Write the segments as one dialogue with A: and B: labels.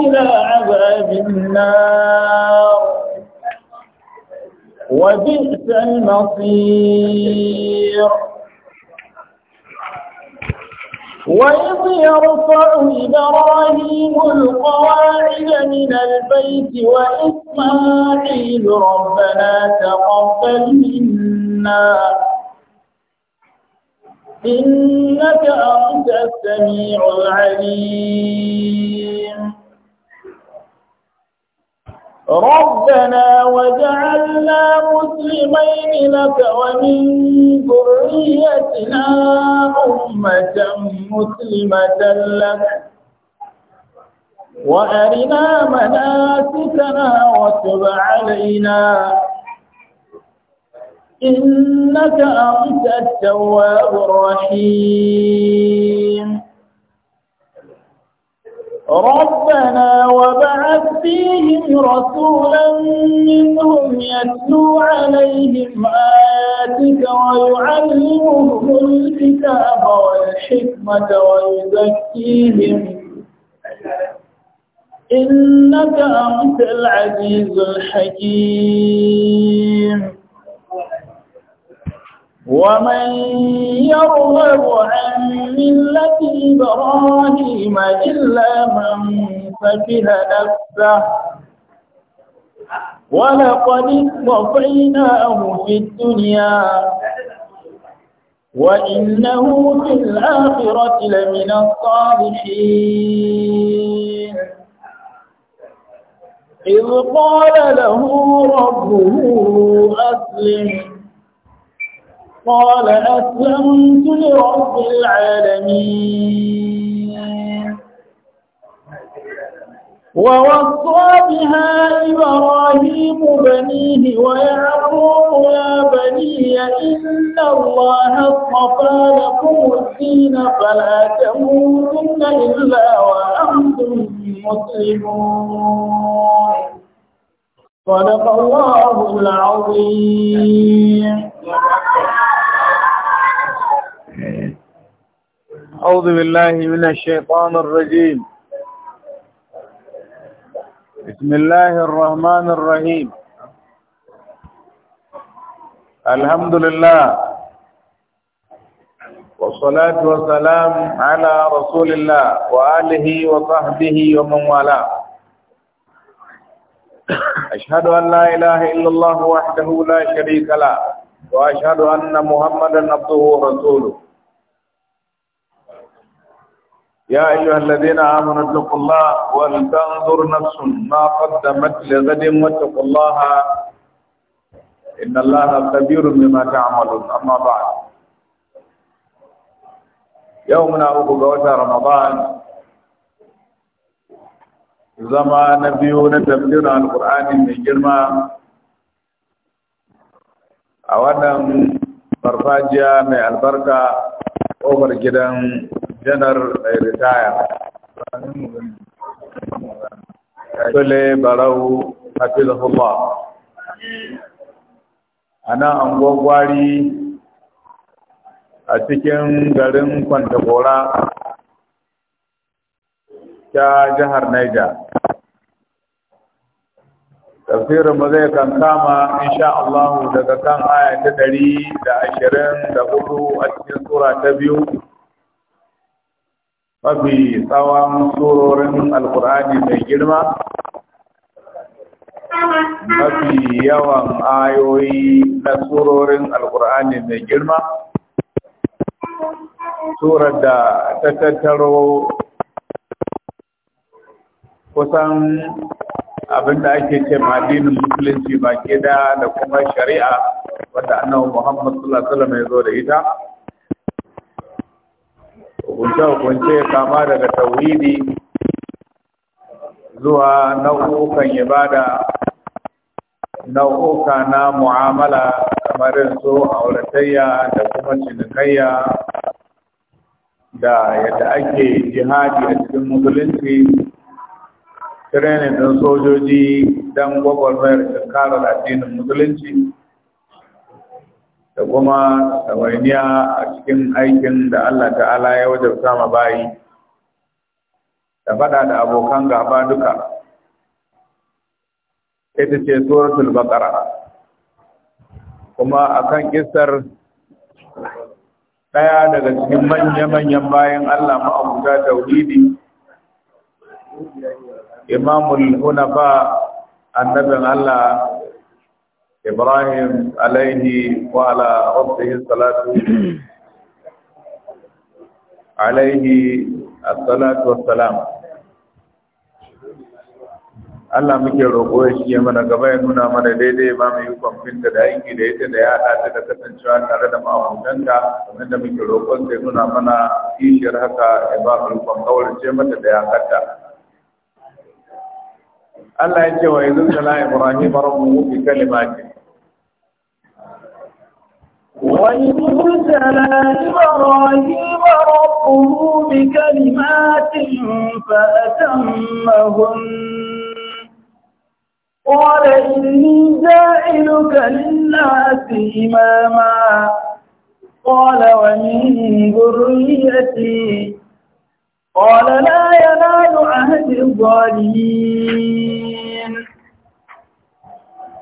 A: إلى عذاب النار وبئس المصير وإذ يرفع إبراهيم القواعد من البيت وإسماعيل ربنا تقبل منا إنك أنت السميع العليم ربنا وجعلنا مسلمين لك ومن ذريتنا أمة مسلمة لك وأرنا مناسكنا وتب علينا إنك أنت التواب الرحيم ربنا وبعث فيهم رسولا منهم يتلو عليهم آياتك ويعلمهم الكتاب والحكمة ويزكيهم إنك أنت العزيز الحكيم ومن يرغب عن ملة إبراهيم إلا من سفه نفسه ولقد اصطفيناه في الدنيا وإنه في الآخرة لمن الصالحين إذ قال له ربه أسلم قال أسلمت لرب العالمين ووصى بها إبراهيم بنيه ويعقوب يا بني إن الله اصطفى لكم الدين فلا تموتن إلا وأنتم مسلمون صدق الله العظيم أعوذ بالله
B: من الشيطان الرجيم بسم الله الرحمن الرحيم الحمد لله والصلاة والسلام على رسول الله وآله وصحبه ومن والاه أشهد أن لا إله إلا الله وحده لا شريك له وأشهد أن محمدا عبده ورسوله يا أيها الذين آمنوا اتقوا الله ولتنظر نفس ما قدمت لغد واتقوا الله إن الله خبير بما تعملون أما بعد يومنا أبو قوة رمضان زما
A: نبيون
B: تفسير القرآن من جرمى أولا farfajiya من albarka ƙofar gidan janar mai ritaya sule barau hafizahullah a nan an gwagwari a cikin garin kwantagora ta jihar Niger. tafsirin ba zai kan kama insha Allah daga kan aya ta da 124 a cikin sura ta biyu mafi tsawon surorin alkur'ani mai girma mafi yawan ayoyi na surorin alkur'ani mai girma
A: surar da ta
B: tattaro kusan abinda ake ce madinin musulunci ba da da kuma shari'a wadda annabi muhammad sallallahu alaihi wasallam ya zo da ita hukunce-hukunce kama daga tauhidi zuwa nau'ukan ibada nau'uka na mu'amala kamar su auratayya da kuma cinikayya da yadda ake jihadi a cikin musulunci training ɗin sojoji don gwagwarmayar shekarar addinin musulunci da kuma tawainiya a cikin aikin da Allah ta'ala ya wajabta ma bayi da faɗa da abokan gaba duka ita ce suratul baqara kuma akan kissar ɗaya daga cikin manya-manyan bayan Allah ma'abuta tauhidi imamul hunafa annabin Allah ابراهيم عليه وعلى ربه الصلاه عليه الصلاه والسلام Allah muke roƙo ya shi mana gaba ya nuna mana daidai ba mu yi kwamfin da aiki da ita da ya haɗa da kasancewa tare da mahutanta kamar da muke roƙon sai nuna mana kishiyar haka ya ba mu rufon kawarce mata da ya haɗa. Allah ya ce wa yanzu sala Ibrahim rabbuhu bi kalimatin
A: وَالْمُرْسَلَاتِ إِبْرَاهِيمَ رَبُّهُ بِكَلِمَاتٍ فَأَتَمَّهُنَّ قَالَ إِنِّي جَاعِلُكَ لِلنَّاسِ إِمَامًا قَالَ وَمِن ذُرِّيَّتِي قَالَ لَا يَنَالُ عَهْدِ الظَّالِمِينَ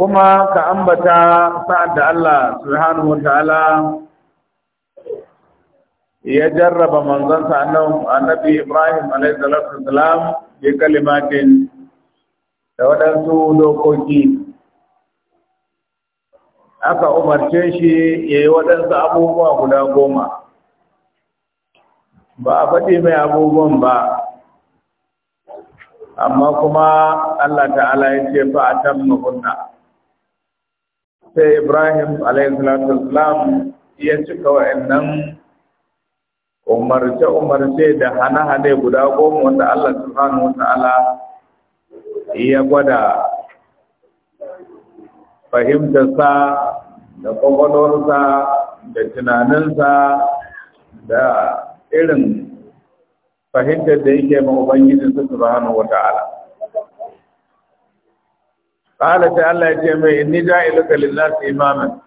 B: kuma ka ambata sa'ad da Allah subhanahu ta'ala ya jarraba manzansa annabi Ibrahim alaihi ya kalimatin da waɗansu dokoki aka umarce shi ya yi waɗansu abubuwa guda goma ba a faɗi mai abubuwan ba amma kuma Allah ta'ala ya ce fa atamma kunna sai ibrahim alaihissalam ya cika wa'annan umarce-umarce da hane-hane guda goma wanda allah subhanahu ya gwada fahimtarsa da kwakwalwarsa da tunaninsa da irin fahimtar da yake ma ubangiji wa ta'ala. qala ta Allah ya ce mai inni ja'iluka lin-nasi imaman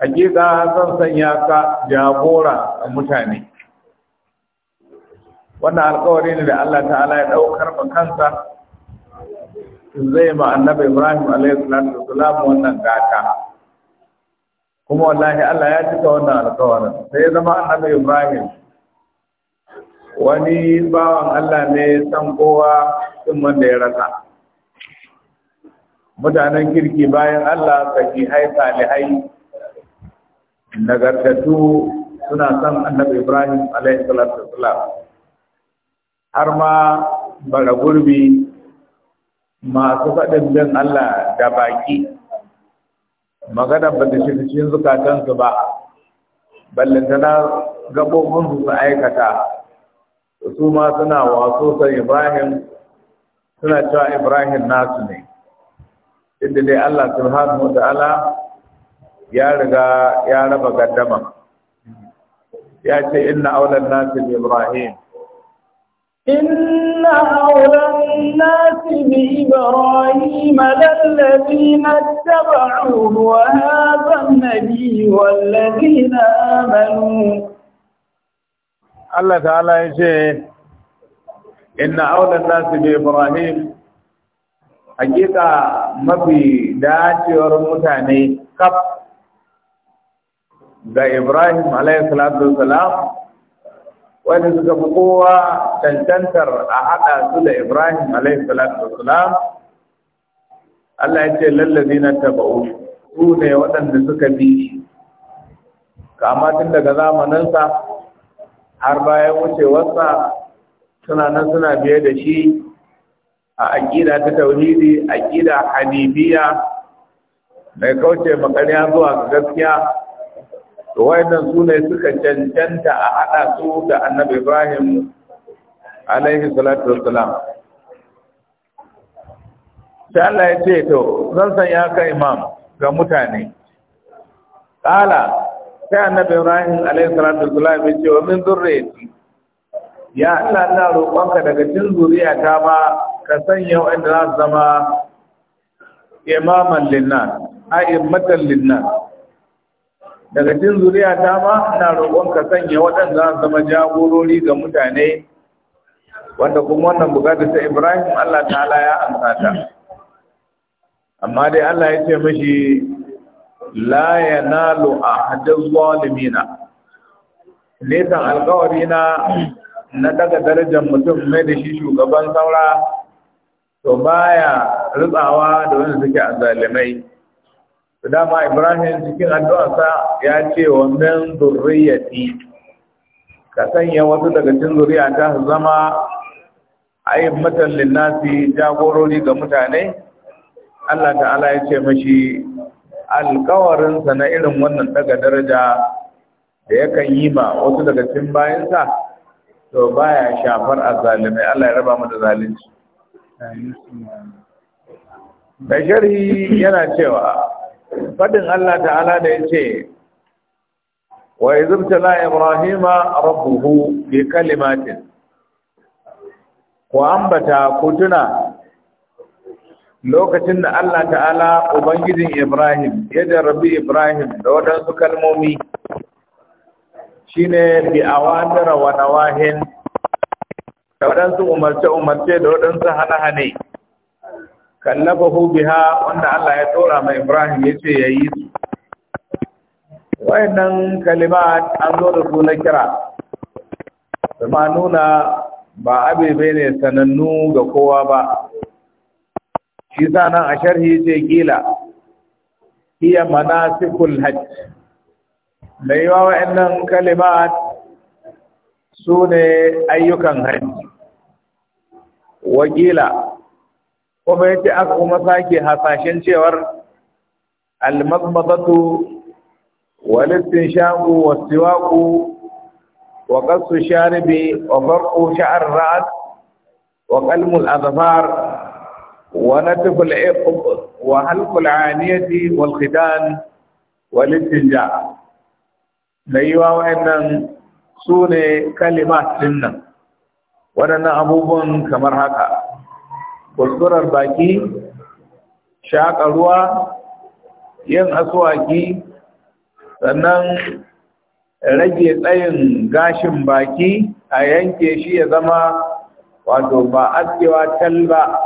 B: hakika zan sanya ka jagora a mutane wannan alkawari ne da Allah ta'ala ya ɗaukar ba kansa zai ma annabi Ibrahim alaihi wannan gata kuma wallahi Allah ya cika wannan alƙawarin sai zama annabi Ibrahim wani bawan Allah ne san kowa sun wanda ya rasa mutanen kirki bayan Allah hai salihai nagartattu suna son annabi Ibrahim alaihi salatu wasalam har ma bara gurbi masu faɗin bin Allah da baki magana ba ta shi cikin zukatansu ba ballantana gaɓoɓinsu su aikata su ma suna waso san Ibrahim suna cewa Ibrahim nasu ne inda dai Allah subhanahu wata'ala ya riga ya raba gaddama ya ce inna aulan nasi bi ibrahim
A: inna aulan nasi bi ibrahim lalladhina ittaba'uhu wa hadha an-nabiy walladhina amanu Allah
B: ta'ala ya ce inna aulan nasi bi ibrahim hakika mafi dacewar mutane kaf ga Ibrahim alaihissalatu wasalam wanda suka fi kowa cancantar a haɗa su da Ibrahim alaihissalatu wasalam Allah ya ce lallazi na taba'u su ne waɗanda suka bi kama tun daga zamaninsa har bayan wucewarsa suna nan suna biye da shi a aƙida ta tauhidi aƙida hanibiya mai kauce makarya zuwa ga gaskiya to wayannan su ne suka cancanta a haɗa su da annabi ibrahim alaihi salatu wassalam sai Allah ya ce to zan san ya kai imam ga mutane Ƙala, sai annabi ibrahim alaihi salatu wassalam ya ce wa min zurriyati ya Allah na roƙonka daga cin zuriya ta ma ka sanya wa'anda za su zama imaman linnas a'immatan daga cikin zuriya ta ma ina roƙon ka sanya waɗanda za su zama jagorori ga mutane wanda kuma wannan bukatar ta Ibrahim Allah ta'ala ya amsa ta amma dai Allah ya ce mashi la yanalu ahadaz zalimina ne kan alƙawari na na daga darajar mutum mai da shi shugaban saura to baya rutsawa da wanda suke azzalimai to dama Ibrahim cikin addu'arsa ya ce wa min zurriyati ka sanya wasu daga cikin zuriya ta zama ayyukan linnasi jagorori ga mutane Allah ta'ala ya ce mashi alkawarinsa na irin wannan daga daraja da yakan yi ma wasu daga cikin bayansa to baya shafar azzalimai Allah ya raba mu da zalunci da sharhi yana cewa fadin Allah ta'ala da ya ce wa la ibrahima rabbuhu bi kalimatin ku ambata ku tuna lokacin da Allah ta'ala ubangijin ibrahim ya rabbi ibrahim da wadansu kalmomi shine bi awamira wa nawahin da waɗansu umarce-umarce da waɗansu hane-hane kallafahu biha wanda Allah ya tsora mai Ibrahim ya ce ya yi su wayannan kalima an zo da suna kira ma nuna ba abebe ne sanannu ga kowa ba shi sa nan a sharhi ce kila mana sikul hajj Mai yawa wayannan kalimat su ne ayyukan hajji wakila kuma ya ce aka kuma sake hasashen cewar almazmazatu walittin shaku wa siwaku wa kasu sharibi wa farko sha'ar ra'ad wa kalmul azafar wa natiful wa halkul aniyati wal khidan walittin ja'a da yi wa wa'annan su ne kalimat dinnan waɗannan abubuwan kamar haka kulturar baki shaƙa ruwa yin asuwaki sannan rage tsayin gashin baki a yanke shi ya zama wato ba askewa tal ba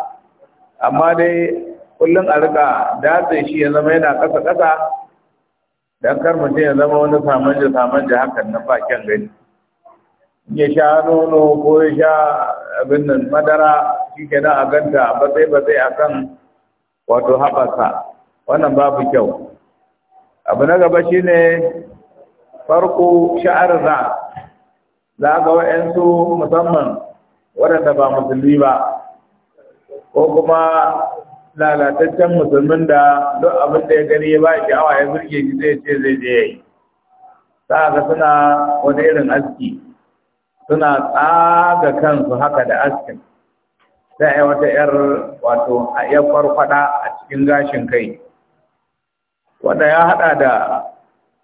B: amma dai kullum a rika datse shi ya zama yana ƙasa-ƙasa don kar mutum ya zama wani samanja-samanja hakan na bakin gani ya sha nono ko ya sha abin nan madara shi ke nan a ganta batsai-batsai a kan wato haɓasa wannan babu kyau abu na gaba shi ne farko sha'ar za za ga wa'yansu musamman waɗanda ba musulmi ba ko kuma lalataccen musulmin da duk abin da ya gani ya ba sha'awa ya zurge shi zai ce zai je ya yi za ga suna wani irin aski suna tsaga kansu haka da askin sai a wata ‘yar wato a iya farfada a cikin gashin kai wanda ya haɗa da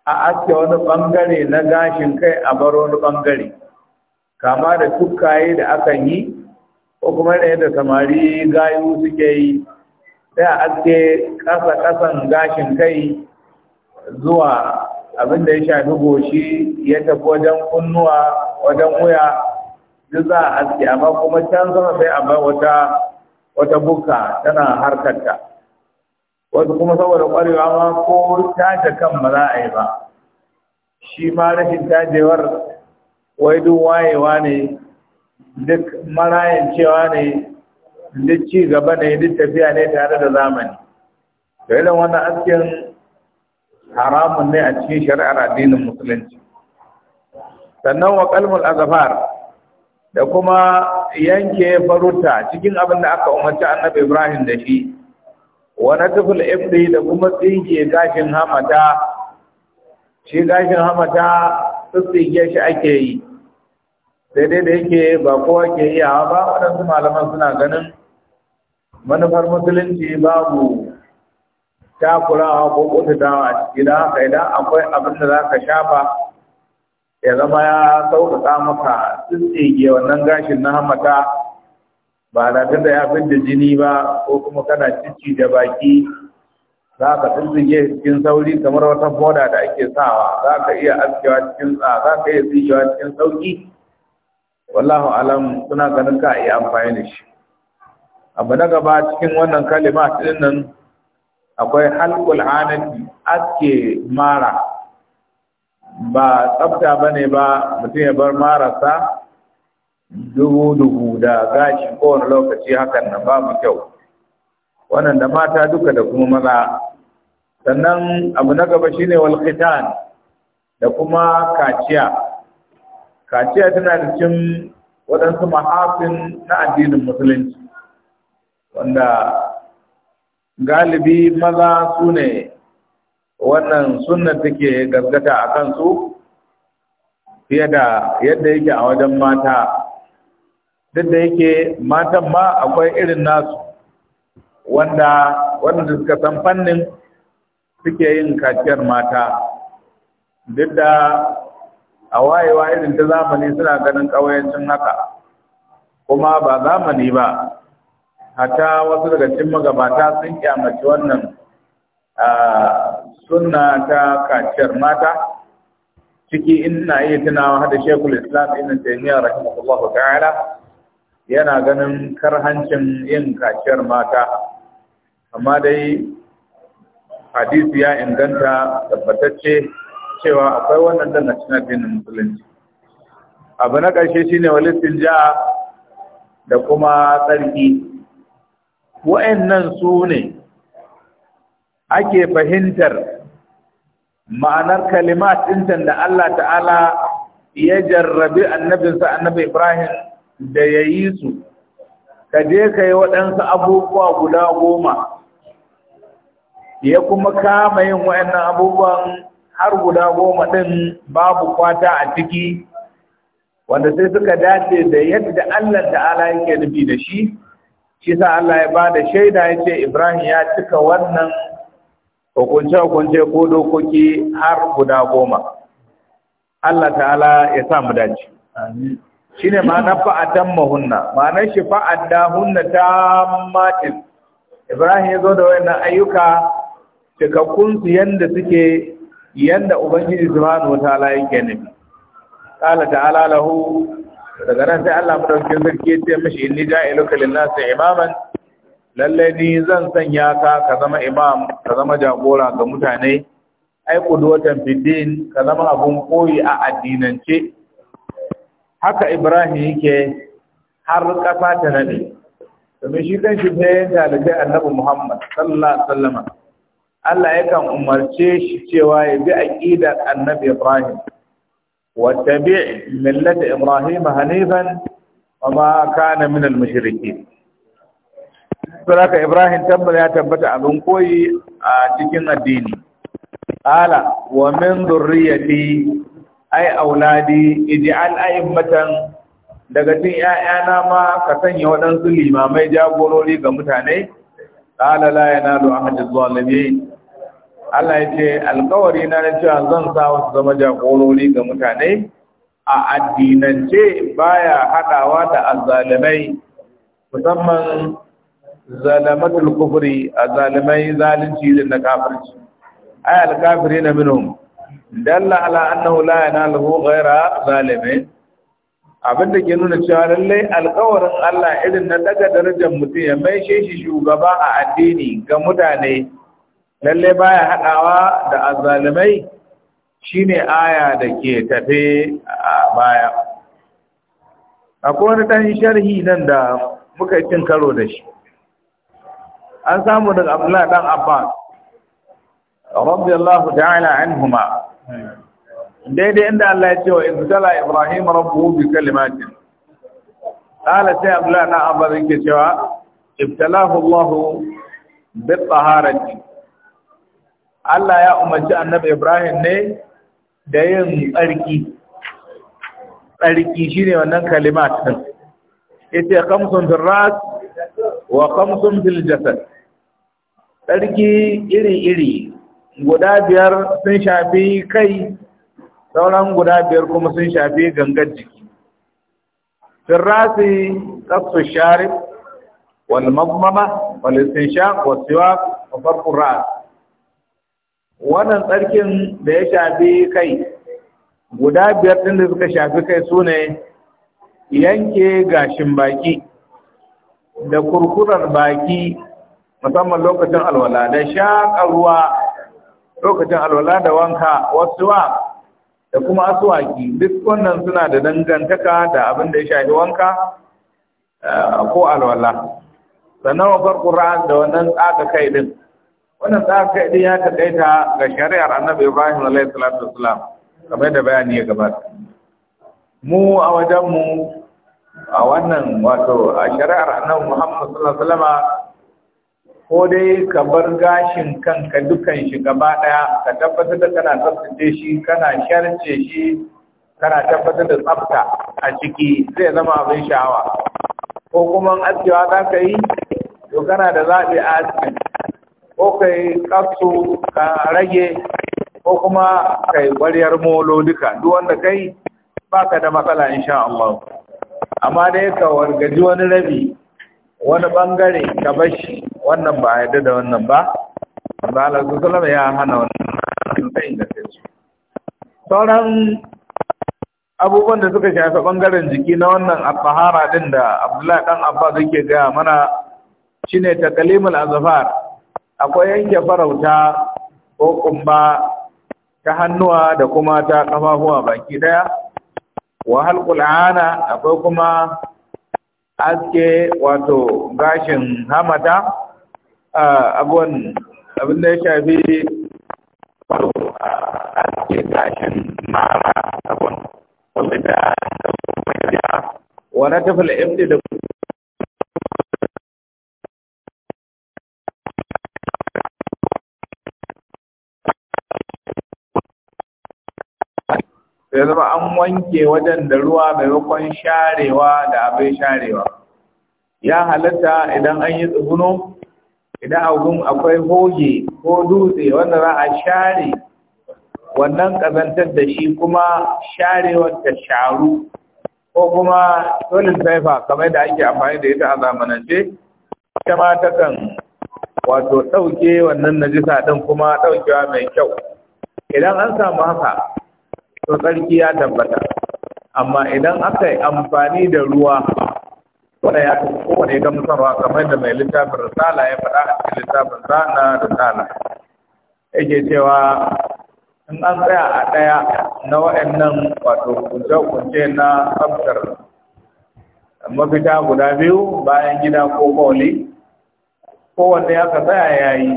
B: a aske wani bangare na gashin kai a bar wani ɓangare kama da tukkaye da akan yi ko kuma da yadda samari gayu suke yi sai a aske ƙasa-ƙasan gashin kai zuwa abin da ya shafi goshi ya tafi wajen kunnuwa wajen wuya duk za a aske amma kuma can sama sai a wata wata buka tana harkarta wasu kuma saboda kwarewa ma ko taje kan ba za a yi ba shi ma rashin tajewar wai duk wayewa ne duk cewa ne duk ci gaba ne duk tafiya ne tare da zamani to irin wannan askin haramun ne a cikin shari'ar addinin musulunci sannan wa kalmul azafar da kuma yanke faruta cikin abin da aka umarci annabi ibrahim da shi wa natful ibdi da kuma tsinke gashin hamata shi gashin hamata tsinke shi ake yi sai dai da yake ba kowa ke iyawa ba waɗansu malaman suna ganin manufar musulunci babu takurawa ko kututawa a ciki da haka idan akwai abin da za ka shafa ya zama ya sauƙaƙa maka tsitsige wannan gashin na hamata ba da da ya da jini ba ko kuma kana cici da baki za ka tsitsige cikin sauri kamar wata foda da ake sawa za ka iya askewa cikin tsa za ka iya tsikewa cikin sauƙi wallahu alam suna ganin ka a yi amfani da shi abu na gaba cikin wannan kalima ɗin nan akwai halkul anati aske mara ba tsafta bane ba mutum ya bar marasa dubu-dubu da gashi kowane lokaci hakan nan babu kyau wannan da mata duka da kuma maza sannan abu na gaba shine wal khitan da kuma kaciya kaciya tana da cikin waɗansu mahafin na addinin musulunci wanda galibi maza su ne wannan sunna take gaskata a kansu fiye da yadda yake a wajen mata duk da yake matan ma akwai irin nasu wanda wanda suka san fannin suke yin kaciyar mata duk da a wayewa irin ta zamani suna ganin ƙawayancin haka kuma ba zamani ba Mata wasu daga cikin magabata sun kyamaci wannan sunna ta kaciyar mata ciki ina iya tunawa hada shekul islam ibn taymiyyah rahimahullahu ta'ala yana ganin karhancin yin kaciyar mata amma dai hadisi ya inganta tabbatacce cewa akwai wannan dan cikin addinin musulunci abu na ƙarshe shine walistin ja da kuma tsarki wa'annan su ne ake fahimtar ma'anar kalimat ɗintan da Allah ta'ala ya jarrabi annabinsa annabi Ibrahim da ya yi su, kaje je ka yi waɗansu abubuwa guda goma, ya kuma kama yin waɗannan abubuwan har guda goma ɗin babu kwata a ciki, wanda sai suka dace da yadda Allah ta'ala yake nufi da shi. shi sa Allah ya ba da shaida ya ce Ibrahim ya cika wannan hukunce-hukunce ko dokoki har guda goma. Allah ta'ala ya sa mu dace. Shi ne ma'anar fa'adan mahunna, ma'anar shi fa'adda hunna ta matin. Ibrahim ya zo da wayannan ayyuka cikakkunsu yadda suke yadda Ubangiji Subhanahu wa ta'ala yake nufi. Ta'ala ta'ala lahu daga nan sai Allah madaukin sarki ya ce mishi inni ja'iluka lin-nasi imaman lalle ni zan sanya ka ka zama imam ka zama jagora ga mutane ai qudwatan fid-din ka zama abun koyi a addinance haka Ibrahim yake har kafa ta nade domin shi kan shi bayan talibai annabi Muhammad sallallahu alaihi wasallam Allah yakan umarce shi cewa ya bi aqidar annabi Ibrahim واتبع ba إبراهيم حنيفا وما كان من المشركين saraka Ibrahim tambal ya tabbata abin koyi a cikin addini ala wa min zurriyati ay auladi ij'al a'immatan daga cikin ƴaƴana ma ka sanya waɗansu limamai jagorori ga mutane qala la yanalu ahadu zalimin Allah ya ce alkawari na na cewa zan sa wasu zama jagorori ga mutane a addinance baya haɗawa da azalimai musamman zalamatul kufri azalimai zalunci da na kafirci Ai alkafiri na minhum dalla ala annahu la yanalu ghayra zalimin da ke nuna cewa lallai alkawarin Allah irin na daga darajar mutum ya mai shi shugaba a addini ga mutane lalle baya haɗawa da azalimai shine aya da ke tafe a baya akwai wani ɗan sharhi nan da muka cin karo da shi an samu daga abdullahi ɗan abbas radiyallahu ta'ala anhuma daidai inda Allah ya ce wa ibtala ibrahim rabbuhu bi kalimatin qala sai abdullahi ɗan abbas yake cewa ibtalahu Allah bi taharati Allah ya umarci annabi Ibrahim ne da yin tsarki tsarki shine wannan kalimat din yace khamsun fil ras wa khamsun fil tsarki iri-iri guda biyar sun shafi kai sauran guda biyar kuma sun shafi gangar jiki fil rasi sharif wal mazmama wal istinshaq wa siwak wa farqu ras wannan tsarkin da ya shafi kai guda biyar ɗin da suka shafi kai su ne yanke gashin baki da kurkurar baki musamman lokacin alwala da shaƙa ruwa lokacin alwala da wanka wasu wa da kuma asuwaki duk wannan suna da dangantaka da abin da ya shafi wanka eh, ko alwala sannan wa farko da wannan tsaka kai din wannan za ka yi ya ta ga shari'ar annabi ibrahim alaihi salatu wasalam kamar da bayani ya gabata mu a wajen mu a wannan wato a shari'ar annabi muhammad sallallahu alaihi wasallama ko dai ka bar gashin kanka dukan shi gaba daya ka tabbatar da kana tsaftace shi kana sharce shi kana tabbatar da tsafta a ciki zai zama abin sha'awa ko kuma askewa za ka yi to kana da zaɓi a asibiti. ko kai katsu ka rage ko kuma kai ƙwaryar molo duka duk wanda kai baka da matsala insha Allah amma dai ka wargaji wani rabi wani bangare ka bashi wannan ba yadda da wannan ba ba Allah sallallahu ya hana
A: wannan sai da su
B: sauran abubuwan da suka shafi bangaren jiki na wannan al din da Abdullahi dan Abba yake ga mana shine takalimul azfar akwai yanke farauta ko kumba ta hannuwa da kuma ta kafafuwa baki daya wa halqul ana akwai kuma aske wato gashin hamata abun abin da ya shafi aske
A: gashin mara abun wanda da da
B: zama an wanke wajen da ruwa maimakon sharewa da abin sharewa ya halatta idan an yi tsuguno idan abin akwai hoge ko dutse wanda za a share wannan ƙazantar da shi kuma sharewar ta sharu ko kuma solid paper kamar da ake amfani da ita a zamanance ita ma takan wato ɗauke wannan najisa ɗin kuma ɗaukewa mai kyau idan an samu haka to tsarki ya tabbata amma idan aka yi amfani da ruwa wanda ya kowane gamsarwa kamar da mai littafin risala ya faɗa a cikin littafin sana risala yake cewa in an tsaya a ɗaya na nan wato kunce-kunce na tsabtar mafita guda biyu bayan gida ko kowane kowanne ya ka tsaya ya yi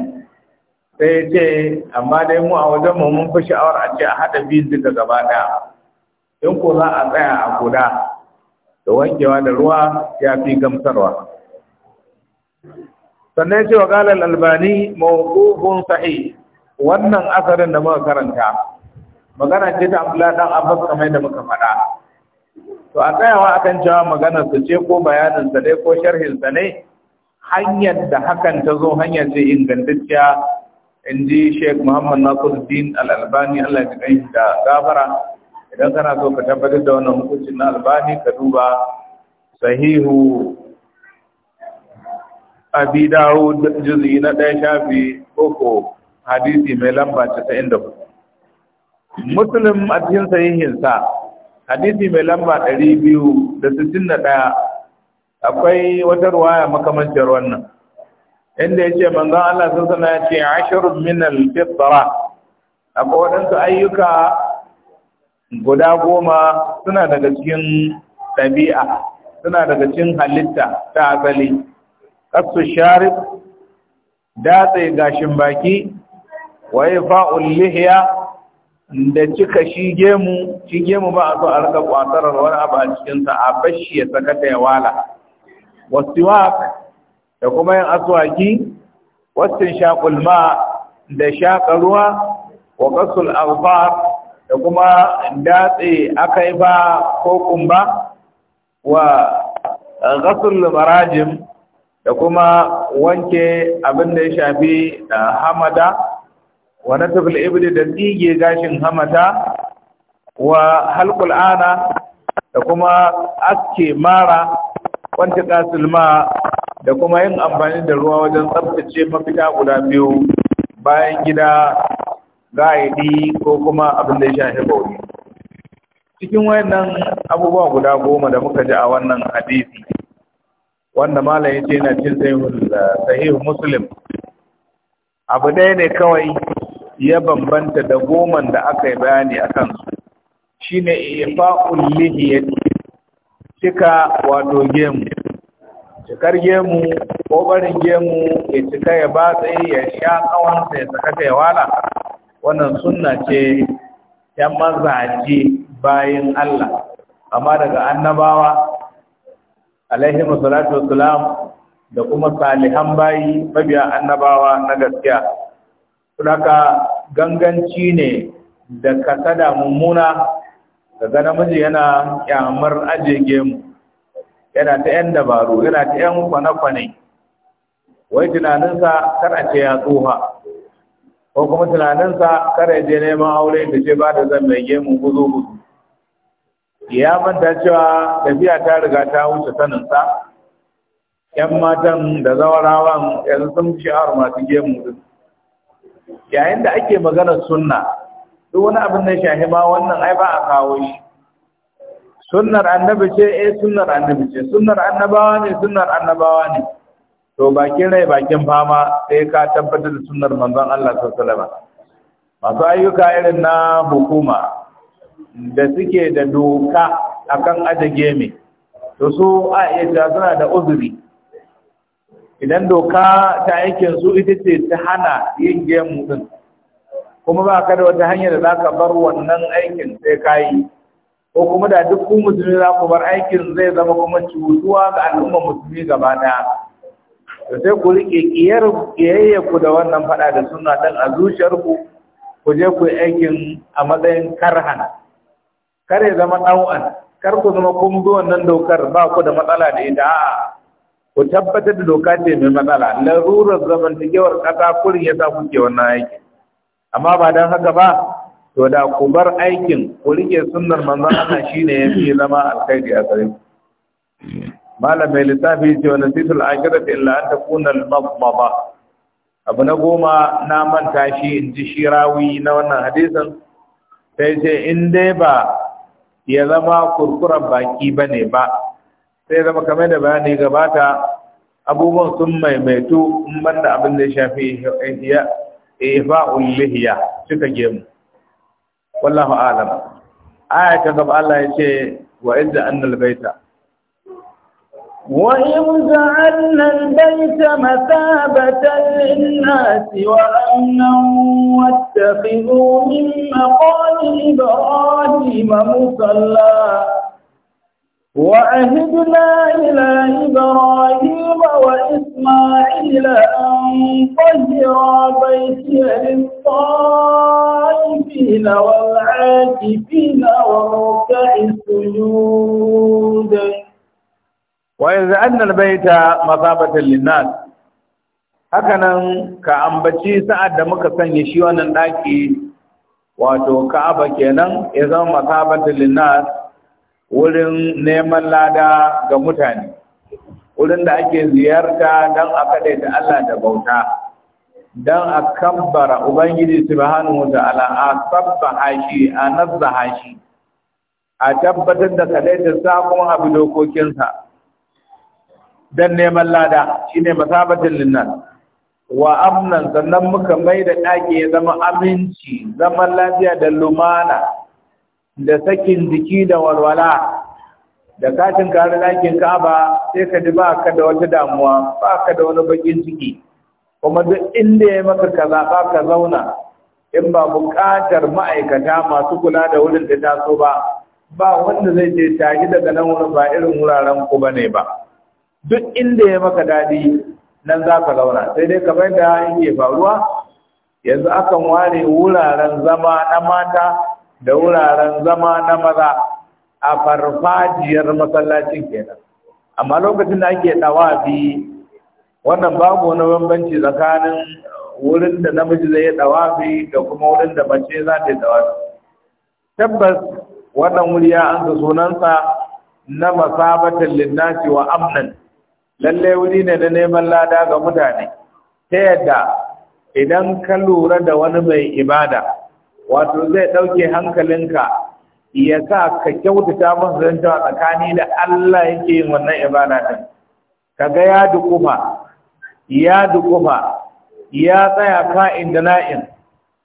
B: sai ya ce amma dai mu a wajen mu mun fi sha'awar a ce a haɗa biyun duka gaba ɗaya in ko za a tsaya a guda da wankewa da ruwa ya fi gamsarwa sannan ya ce wa galar albani mawqufun sahih wannan asarin da muka karanta magana ce ta Abdullah dan Abbas kamar da muka faɗa to a tsayawa akan cewa maganar su ce ko bayanin sa ne ko sharhin sa ne hanyar da hakan ta zo hanyar ce ingantacciya in ji sheik muhammad nasiruddin al-albani allah ya kai da gafara idan kana so ka tabbatar da wannan hukuncin na albani ka duba sahihu abi dawud juz'i na ɗaya shafi uku hadisi mai lamba casa'in da hudu muslim a cikin sahihinsa hadisi mai lamba ɗari biyu da sittin da ɗaya akwai wata ruwaya makamancin wannan inda ya ce manzo Allah sun sana ya ce ashrun min al-fitra akwai wadansu ayyuka guda goma suna daga cikin ɗabi'a suna daga cikin halitta ta asali kasu sharif datse gashin baki waye fa'ul lihiya da cika shi gemu shi gemu ba a so a rika kwatarar wani abu a cikinsa a bashi ya sakata ya wala wasiwak da kuma yin aswaki wasu shaƙul ma da shaƙa ruwa wa ƙasul alfar da kuma datse akai ba ko kumba wa ƙasul marajim da kuma wanke abin da ya shafi hamada wa nasabul ibdi da tsige gashin Hamada wa halqul ana da kuma aske mara wanti ƙasul ma da kuma yin amfani da ruwa wajen tsabtace mafita guda biyu bayan gida ga'idi ko kuma abin da ya shafi bauri cikin wayannan abubuwa guda goma da muka ji a wannan hadisi wanda malam yace yana cin sahih muslim abu ɗaya ne kawai ya bambanta da goman da aka yi bayani a kansu shine ifa'ul lihiyati cika wato gemu cikar gemu ko barin gemu ya cika ya batse ya sha tsawonsa ya sakata ya wala wannan sunna ce yan mazaje bayan Allah amma daga annabawa alaihi salatu wassalam da kuma salihan bayi mabiya annabawa na gaskiya ka ganganci ne da kasada mummuna daga namiji yana kyamar ajiye gemu yana ta yan dabaru yana ta yan kwane-kwane wai tunaninsa kar a ce ya tsoha ko kuma tunaninsa kar ya je neman aure da ce ba da zan mai gemu guzo guzo ya manta cewa tafiya ta riga ta wuce saninsa yan matan da zawarawan yanzu sun fi sha'ar masu gemu din yayin da ake maganar sunna duk wani abin da shahi ma wannan ai ba a kawo shi sunnar annabi ce eh sunnar annabi ce sunnar annabawa ne sunnar annabawa ne to bakin rai bakin fama sai ka tabbatar da sunnar manzon Allah sallallahu masu ayyuka irin na hukuma da suke da doka akan aje me. to su a iya suna da uzuri idan doka ta aikin su ita ce ta hana yin gemu din kuma ba ka da wata hanyar da za ka bar wannan aikin sai ka yi ko kuma da duk kun musulmi za ku bar aikin zai zama kuma cutuwa ga al'ummar musulmi gaba daya to sai ku rike kiyar ku da wannan faɗa da sunna dan a zuciyarku ku je ku aikin a matsayin karhan kar ya zama ɗau'an kar ku zama kun bi wannan dokar ba ku da matsala da ita a'a ku tabbatar da doka ce mai matsala larurar zamantakewar ƙasa kurin ya sa kuke wannan aikin amma ba don haka ba to da ku bar aikin ku rike sunnar manzon Allah shine yafi zama alkhairi a gare ku malamai lissafi ce wa nasitul ta illa an takuna al-madmada abu na goma na manta shi in ji shirawi na wannan hadisin sai ce in dai ba ya zama kurkura baki bane ba sai zama kamar da bayani gabata abubuwan sun maimaitu in banda abin da ya shafi ihfa'ul lihiya cika gemu wallahu a'lam aya ta gaba Allah ya ce wa idda annal baita
A: وإذ جعلنا البيت مثابة للناس وأمنا واتخذوا من مقام إبراهيم مصلى وعهدنا إلى إبراهيم وإسماعيل أن طهر بيتي للطائفين والعاكفين والركع السجود
B: وإذ أن البيت مثابة للناس hakanan ka ambaci sa'ad da muka sanya shi wannan ɗaki wato ka'aba kenan ya zama masabatin linnas wurin neman lada ga mutane wurin da ake ziyarta don a da Allah da bauta don a kambara Ubangiji subhanahu wa ta'ala a sabba shi a nazza shi a tabbatar da kaɗaita sakon abu dokokinsa don neman lada shi ne masabatin linnan wa amnan sannan muka mai da ɗaki ya zama aminci zaman lafiya da lumana da sakin jiki da walwala da katin kare ɗakin kaba sai ka ji ba ka da wata damuwa ba ka da wani bakin ciki kuma duk inda ya maka kaza ba ka zauna in ba buƙatar ma'aikata masu kula da wurin da taso ba ba wanda zai ce tashi daga nan wurin ba irin wuraren ku ba ne ba duk inda ya maka daɗi nan za ka zauna sai dai kamar da yake faruwa yanzu akan ware wuraren zama na mata da wuraren zama na maza a farfajiyar masallacin kenan amma lokacin da ake dawafi wannan babu wani bambanci tsakanin wurin da namiji zai yi dawafi da kuma wurin da mace za ta yi dawafi tabbas wannan wuri ya an sunansa na masabatan linnasi wa amnan lalle wuri ne na neman lada ga mutane ta yadda idan ka lura da wani mai ibada wato zai ɗauke hankalinka ya sa ka kyautata min zanta a tsakani da Allah yake yin wannan ibada ɗin kaga ya dukuma ya dukuma ya tsaya ka'in da na'in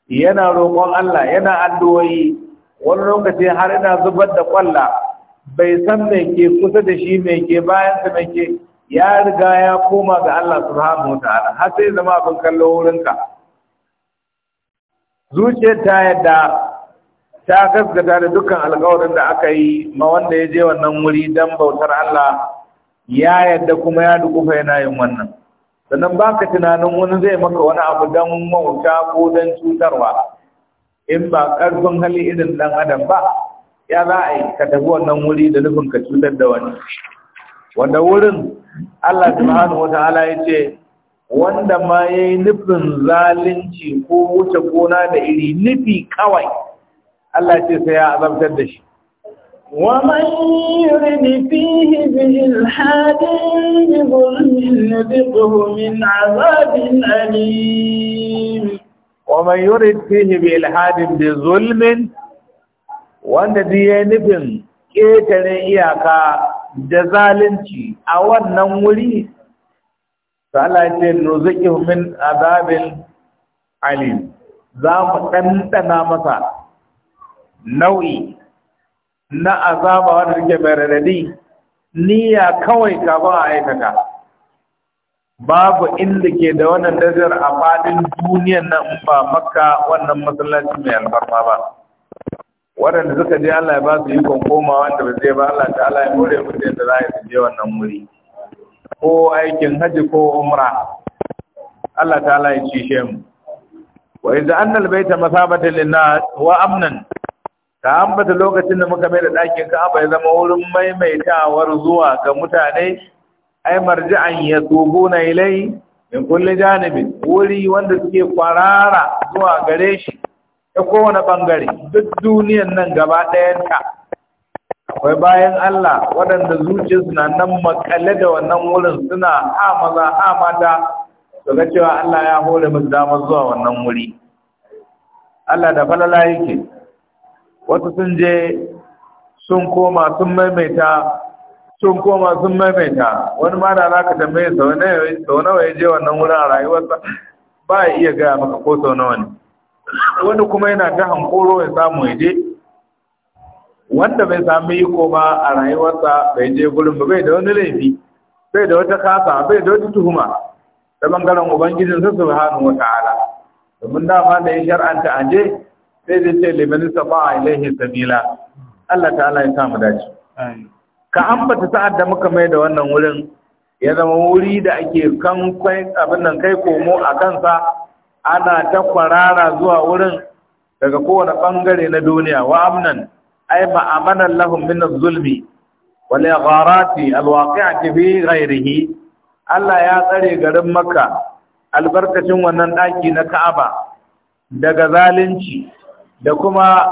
B: yana roƙon Allah yana addu'o'i wani lokaci har ina zubar da kwalla bai san mai ke kusa da shi mai ke bayan sa mai ke ya riga ya koma ga Allah subhanahu wa ta'ala har sai zama abin kallo wurinka zuciyar ta yadda ta gaskata da dukkan alkawarin da aka yi ma wanda ya je wannan wuri don bautar Allah ya yadda kuma ya dukufa yana yin wannan sannan baka tunanin wani zai maka wani abu don mauta ko don cutarwa in ba ƙarfin hali irin ɗan adam ba ya za a yi ka tafi wannan wuri da nufin ka cutar da wani wanda wurin Allah subhanahu wa ta'ala ya ce wanda ma ya yi nufin zalunci ko wuce gona da iri nufi kawai Allah ce sai ya azabtar da shi ومن
A: ilhadi فيه بإلحاد بظلم نذقه من عذاب
B: أليم ومن يرد فيه بإلحاد بظلم wanda duk ya nufin ƙetare iyaka da zalunci a wannan wuri to Allah ya ce nuzikihu min azabin alim za mu ɗanɗana masa nau'i na azaba wanda yake mai radadi niyya kawai ka a aikata babu inda ke da wannan dajar a fadin duniyan nan ba makka wannan masallaci mai alfarma ba waɗanda suka je Allah ya ba su ikon komawa wanda ba zai ba Allah ta Allah ya more mutum da za su je wannan wuri ko aikin haji ko umra Allah ta'ala ya cishe mu wa idza anna albayta masabatan linnas wa amnan ta ambata lokacin da muka mai da ɗakin ba ya zama wurin maimaitawar zuwa ga mutane ai marji'an yatubuna ilai min kulli janibi wuri wanda suke kwarara zuwa gare shi ta kowane bangare duk duniyan nan gaba ɗayan ɗayanta akwai bayan Allah waɗanda zuciya suna nan makale da wannan wurin suna ha maza ha mata ga cewa Allah ya hore musu damar zuwa wannan wuri Allah da falala yake wasu sun je sun koma sun maimaita sun koma sun maimaita wani ma da za ka tambaye sau nawa ya je wannan wurin a rayuwarsa ba ya iya gaya maka ko sau nawa ne wani kuma yana ta hankoro ya samu ya je wanda bai sami iko ba a rayuwarsa bai je gulun ba bai da wani laifi bai da wata kasa bai da wata tuhuma ta bangaren ubangijin sa subhanahu wa ta'ala domin dama da ya shar'anta a je sai zai ce liman safa ilaihi sabila Allah ta'ala ya samu dace ka ambata sa'ad da muka mai da wannan wurin ya zama wuri da ake kan kai abin nan kai komo a kansa ana ta kwarara zuwa wurin daga kowane bangare na duniya wa amnan أي معامنا لهم من الظلم والإغارات الواقعة في غيره Allah ya tsare garin Makka albarkacin wannan ɗaki na Ka'aba daga zalunci da kuma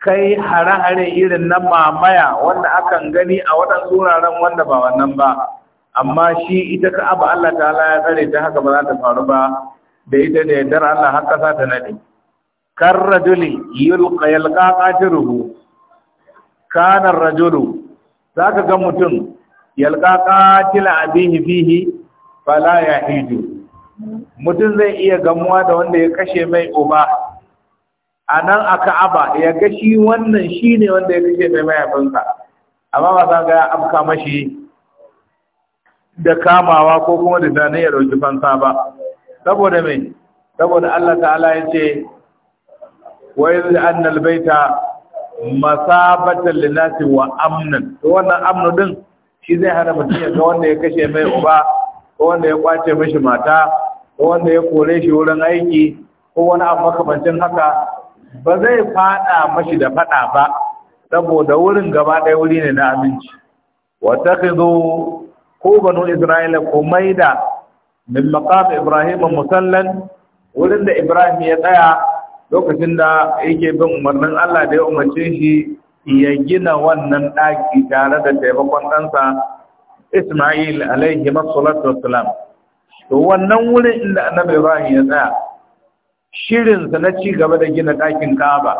B: kai hare-hare irin nan mamaya wanda akan gani a wadan wuraren wanda ba wannan ba amma shi ita Ka'aba Allah ta'ala ya tsare ta haka ba za ta faru ba da ita da yardar Allah har kasa ta nade karrajuli yulqa yalqa qatiruhu Kanan rajulu zaka ga mutum yalqa katila abihi fihi fala ya mutum zai iya gamuwa da wanda ya kashe mai uba a nan a ya ga shi wannan shine ne wanda ya kashe mai mahaifinsa amma ba za ga ya afka mashi da kamawa ko kuma da dane ya ɗauki fansa ba saboda mai saboda Allah ta'ala ya ce wa yanzu annal baita masabatan lillahi wa amnan to wannan amnu din shi zai hana mutum ya ga wanda ya kashe mai uba ko wanda ya kwace mishi mata ko wanda ya kore shi wurin aiki ko wani abu makamancin haka ba zai fada mashi da faɗa ba saboda wurin gaba ɗaya wuri ne na aminci wa zo ko banu isra'ila ko maida min maqam ibrahim musallan wurin da ibrahim ya tsaya lokacin da yake bin umarnin Allah da ya umarce shi ya gina wannan ɗaki tare da taimakon ɗansa Ismail alaihi masalatu wassalam to wannan wurin inda annabi Ibrahim ya tsaya shirinsa na ci gaba da gina ɗakin Ka'aba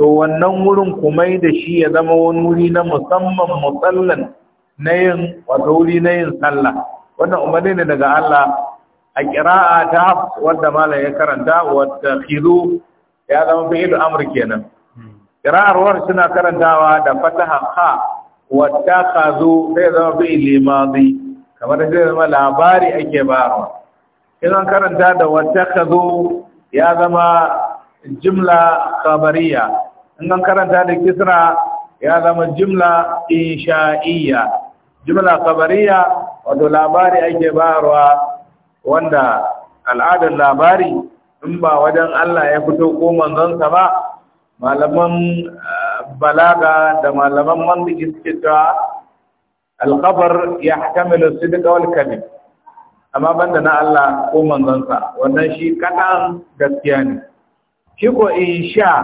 B: to wannan wurin kuma da shi ya zama wani wuri na musamman musallan na yin wato wuri na yin sallah wannan umarni ne daga Allah a ƙira'a ta wanda malam ya karanta wata khidu ya zama fi'il amur kenan ƙirarwar suna karantawa da fataha wata ka zo sai zama fi limazi kamar da zai zama labari ake bayarwa in an karanta da ka zo ya zama jimla kabariya. in karanta da kisra ya zama jimla insha'iyya jimla kabariya wato labari ake bayarwa wanda al'adar labari in ba wajen Allah ya fito ko manzonsa ba malaman eh, balaga da malaman mantiki suke cewa alkhabar ya hakamilu sidika wal kadib amma banda na Allah ko manzonsa wannan shi kaɗan gaskiya ne shi ko insha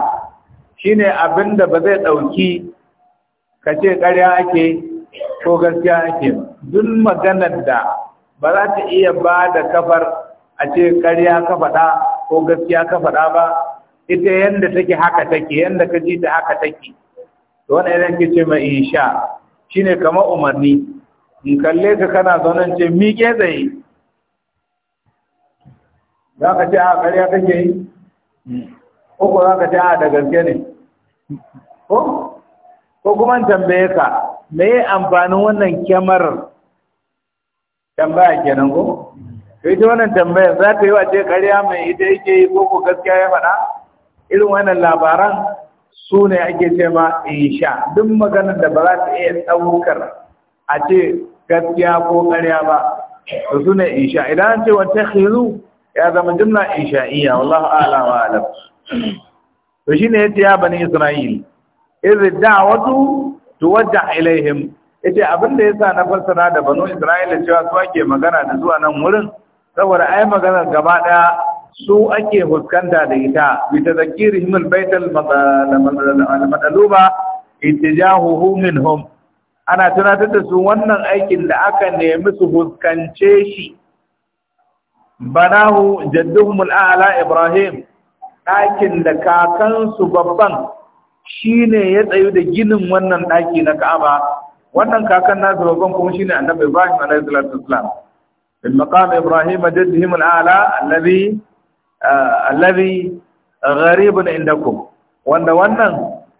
B: shine abinda da ba zai ɗauki ka ce ƙarya ake ko gaskiya ake duk maganar da ba za ta iya ba da kafar a ce ƙarya ka faɗa ko gaskiya ka faɗa ba ita yanda take haka take yanda ka ji ta haka take to wannan idan ke ce mai insha shine kamar umarni in kalle ka kana zaune ce miƙe tsaye za ka ce a ƙarya take yi uku za ka ce a da gaske ne ko kuma tambaye ka me amfanin wannan kyamar tambaya kenan ko kai ta wannan tambayar za ta yi wa ce karya mai ita yake yi ko ko gaskiya ya faɗa irin wannan labaran su ne ake ce ma insha duk maganar da ba za ta iya ɗaukar a ce gaskiya ko karya ba to su ne insha idan an ce wata hiru ya zama jumla iya wallahu a'lam wa alam to shi ne ya bani isra'il idh da'watu tuwajjah ilaihim yace abinda yasa na fassara da banu isra'ila cewa su ake magana da zuwa nan wurin saboda ai maganar gaba daya su ake fuskanta da ita bi himul baitul almataluba ittijahuhu minhum ana tunatar da su wannan aikin da aka nemi su fuskance shi banahu jadduhum ala ibrahim
A: ɗakin da
B: kakansu babban shine ya tsayu da ginin wannan ɗaki na ka'aba wannan kakan nasu babban kuma shine annabi ibrahim alaihi salatu wasalam من مقام إبراهيم جدهم الأعلى الذي آه الذي غريب عندكم وأن وأن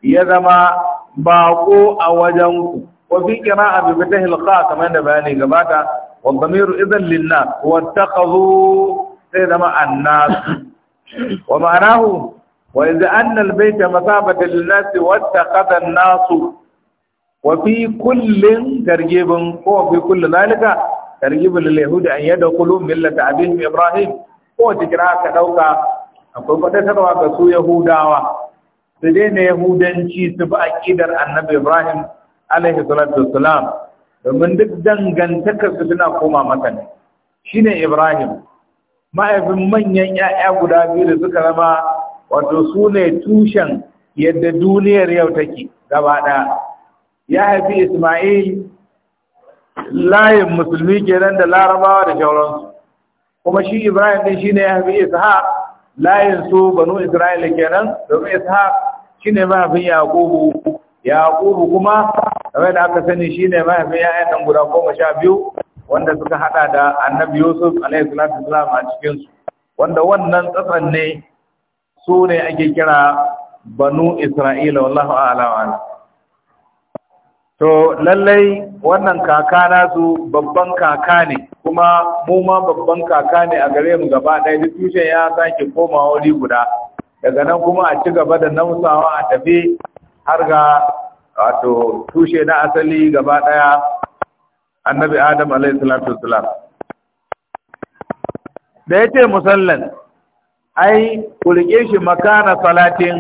B: يذما باقو أوجنكم وفي قراءة بفتح القاء كما نباني قباتا والضمير إذن للناس واتخذوا سيدما الناس ومعناه وإذا أن البيت مثابة للناس واتخذ الناس وفي كل ترجيب وفي كل ذلك targhibul lil yahudi an yadkhulu millata abihim ibrahim ko tikira ka dauka akwai kwadatarwa ga su yahudawa su ne yahudanci su bi aqidar annabi ibrahim alaihi salatu wassalam domin duk dangantakarsu su suna koma maka ne shine ibrahim mahaifin manyan 'ya'ya guda biyu da suka zama wato su ne tushen yadda duniyar yau take gaba ɗaya ya haifi isma'il layin musulmi kenan da larabawa da shauransu kuma shi ibrahim din shine ya haifi ishaq layin su banu isra'ila kenan domin ishaq shine mahaifin yaqubu yaqubu kuma kamar da aka sani shine mahaifin ya'yan nan guda goma sha biyu wanda suka hada da annabi yusuf alaihi salatu a cikin su wanda wannan tsatsan ne su ne ake kira banu isra'ila wallahu a'lam to lallai wannan kaka nasu babban kaka ne kuma mu ma babban kaka ne a gare mu gaba ɗaya duk tushen ya sake koma wuri guda daga nan kuma a ci gaba da nausawa a tafi har ga wato tushe na asali gaba ɗaya annabi adam alaihi salatu wasalam da ya ce musallan ai ku rike shi makana salatin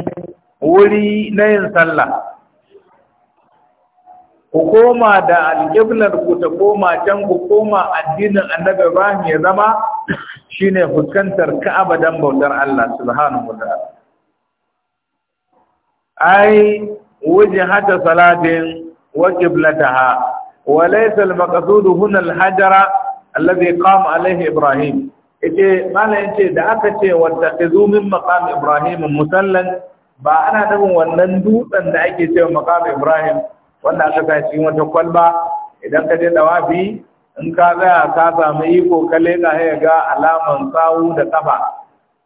B: wuri na yin sallah ku koma da alƙiblar ku ta koma can ku koma addinin annabi Ibrahim ya zama shine fuskantar Ka'aba dan bautar Allah subhanahu wa ta'ala ai wajhata salatin wa qiblataha wa laysa al-maqsud huna al-hajara alladhi qama alayhi Ibrahim yace malamin ce da aka ce wattaqizu min maqam Ibrahim musallan ba ana nufin wannan dutsen da ake cewa maqam Ibrahim wanda aka sa cikin wata kwalba idan ka je dawafi in ka tsaya ka samu iko ka leka ya ga alaman sawu da kafa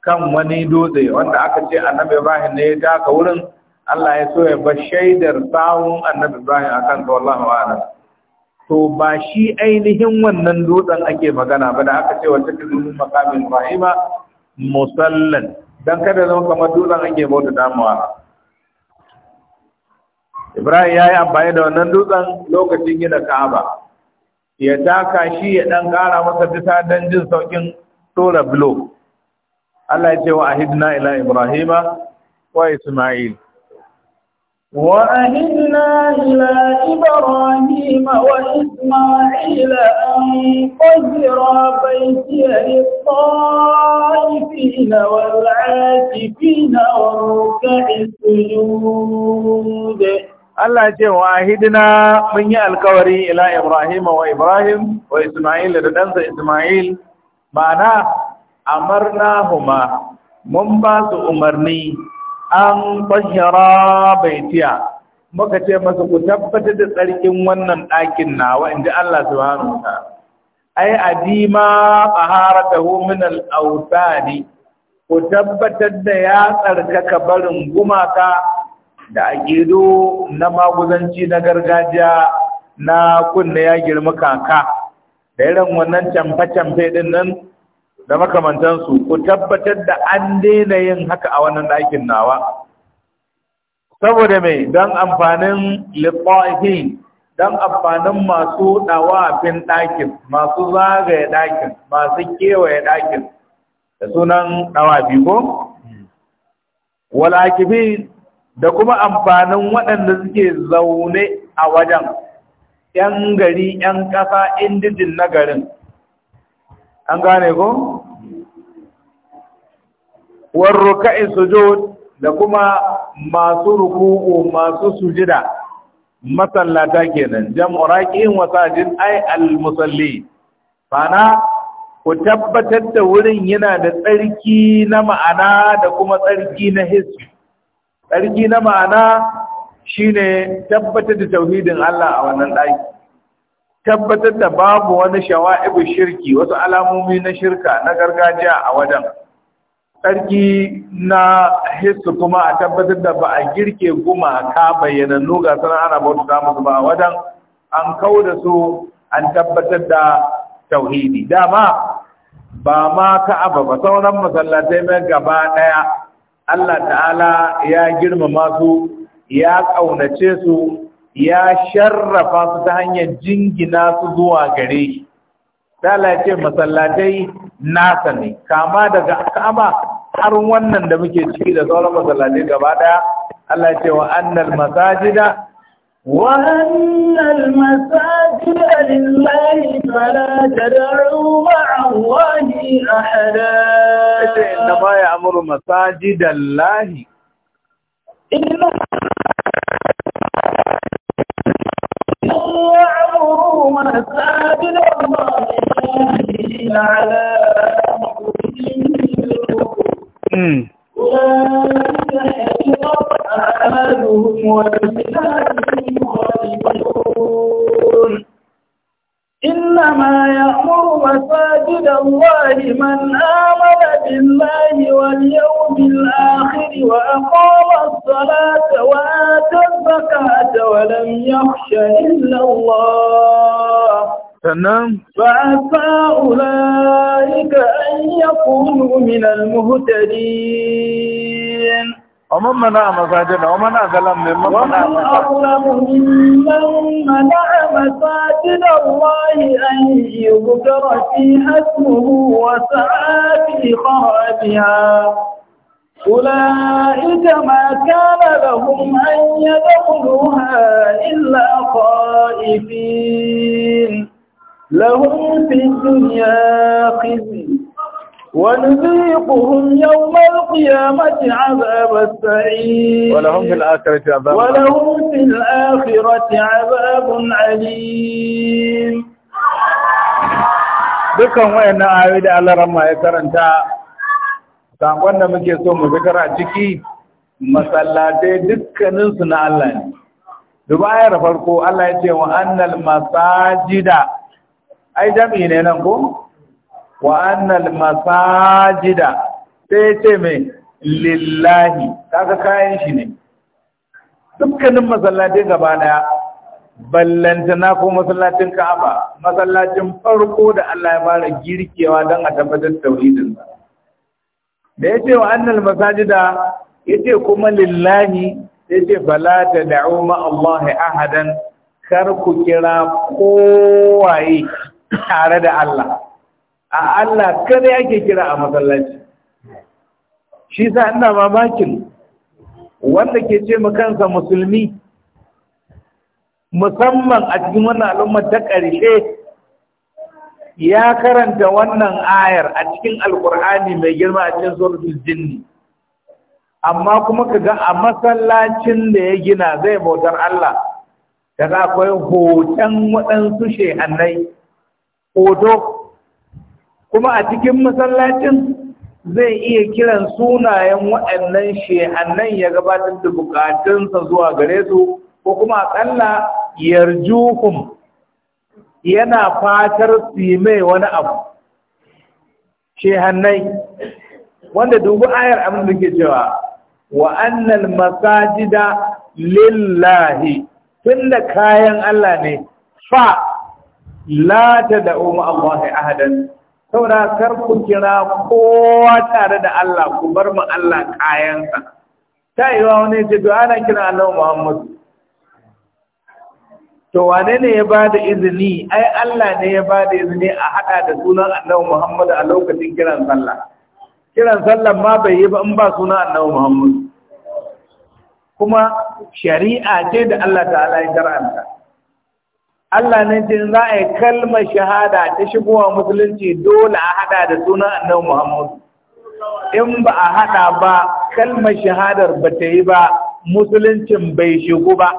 B: kan wani dutse wanda aka ce annabi Ibrahim ne ya taka wurin Allah ya so ya bar shaidar sawun annabi Ibrahim akan ta wallahu a'lam to ba shi ainihin wannan dutsen ake magana ba da aka ce wata cikin makamin rahima musallan dan kada zama kamar dutsen ake bauta damuwa ibrahim ya yi amfani da wannan dutsen lokacin gina ka'aba ya taka shi ya dan kara masa bisa dan jin saukin tura bulo Allah ya ce wa ahidna ila ibrahima wa isma'il
A: wa ahidna ila ibrahima wa isma'il an qadra baiti lit-ta'ifina wal-'akifina wa ruk'i sujud Allah ce wa hidina mun yi alkawari
B: ila Ibrahim wa Ibrahim wa Ismail da ɗansa Ismail ma'ana amarna huma mun ba su umarni an tahira baitiya muka ce masa ku tabbatar da tsarkin wannan ɗakin nawa inda Allah subhanahu wa ai adima taharatahu min al-awtani ku tabbatar da ya tsarkaka barin gumaka da aƙidu na maguzanci na gargajiya na kunna ya girma kaka da irin wannan camfe-camfe ɗin nan da makamantansu ku tabbatar da an daina yin haka a wannan ɗakin nawa saboda mai don amfanin littafi don amfanin masu ɗawafin ɗakin masu zagaye ɗakin masu kewaye ɗakin da sunan ɗawafi ko hmm. walakifi da kuma amfanin waɗanda suke zaune a wajen ‘yan gari, ‘yan ƙasa, indijin na garin. An gane ko?
A: Warruka'in sujud
B: da kuma masu ruku'u masu sujida, masallata kenan, jam'uraƙin wasajin ai al-musalli. Fana, ku tabbatar da wurin yana da tsarki na ma'ana da kuma tsarki na hisbi. tsarki na ma'ana shi ne tabbatar da tauhidin Allah a wannan ɗaki tabbatar da babu wani shawa'ibu shirki wasu alamomi na shirka na gargajiya a wajen tsarki na hissu kuma a tabbatar da ba a girke ka bayyana nuga sanar ana bauta musu ba a wajen an kau da su an tabbatar da tauhidi dama ba ma ka'aba ba sauran masallatai mai gaba ɗaya Allah ta'ala ya girmama su ya ƙaunace su ya sharrafa su ta hanyar jingina su zuwa gare shi ya ce masallatai nasa ne kama daga kama har wannan da muke ciki da sauran masallatai gaba ɗaya. Allah ya ce wa annal masajida
A: وأن المساجد لله فلا تدعوا مع الله أحدا إنما
B: يأمر مساجد الله
A: إنما يأمر مساجد الله على
B: ومن منع مساجدنا ومن أظلم ممن منع
A: ممن منع مساجد الله أن يذكر فيها اسمه وسعى في خرابها أولئك ما كان لهم أن يدخلوها إلا خائفين لهم في الدنيا خزي ونذيقهم يوم القيامة عذاب السعير ولهم في
B: الآخرة عذاب ولهم
A: في الآخرة عذاب عليم
B: dukan wayannan ayoyi da Allah ramma ya karanta sakon da muke so mu zikara a ciki masallatai dukkanin su na Allah ne dubayar farko Allah ya ce wa annal masajida ai jami'i ne nan ko wa masajida sai ce mai lillahi kaga kayan shi ne dukkanin masallaci gaba daya ballantana ko masallacin Ka'aba masallacin farko da Allah ya fara girkewa don a tabbatar tauhidin ba. da yace ce annal masajida ce kuma lillahi sai bala ta da umar Allah ahadan kar ku kira kowaye tare da Allah a Allah kada yake kira a masallaci shi sa ina mamakin wanda ke ce kansa musulmi musamman a cikin wannan al'umma ta ƙarshe ya karanta wannan ayar a cikin alkur'ani mai girma a cikin suratul jinni amma kuma ka ga a masallacin da ya gina zai bautar Allah da akwai hoton waɗansu shehannai hoto kuma a cikin masallacin zai iya kiran sunayen waɗannan shehannan ya gabatar da bukatunsa zuwa gare su ko kuma aƙalla yarjuhum yana fatar su yi wani abu shehannai wanda dubu ayar abin da ke cewa "Wa'annan masajida lillahi tunda kayan Allah ne fa Lata ta da'u ma Allah saboda kar ku kira kowa tare da Allah ku bar mu Allah kayansa ta yi wa wani ce ana kira Allah Muhammadu to wane ne ya ba da izini ai Allah ne ya ba da izini a hada da sunan Allah Muhammadu a lokacin kiran sallah kiran sallah ma bai yi ba in ba sunan Allah Muhammadu kuma shari'a ce da Allah ta'ala ya karanta Allah ne ce za a yi kalmar shahada ta shigowa musulunci dole a hada da sunan annabi Muhammad in ba a hada ba kalmar shahadar ba ta yi ba musuluncin bai shigo ba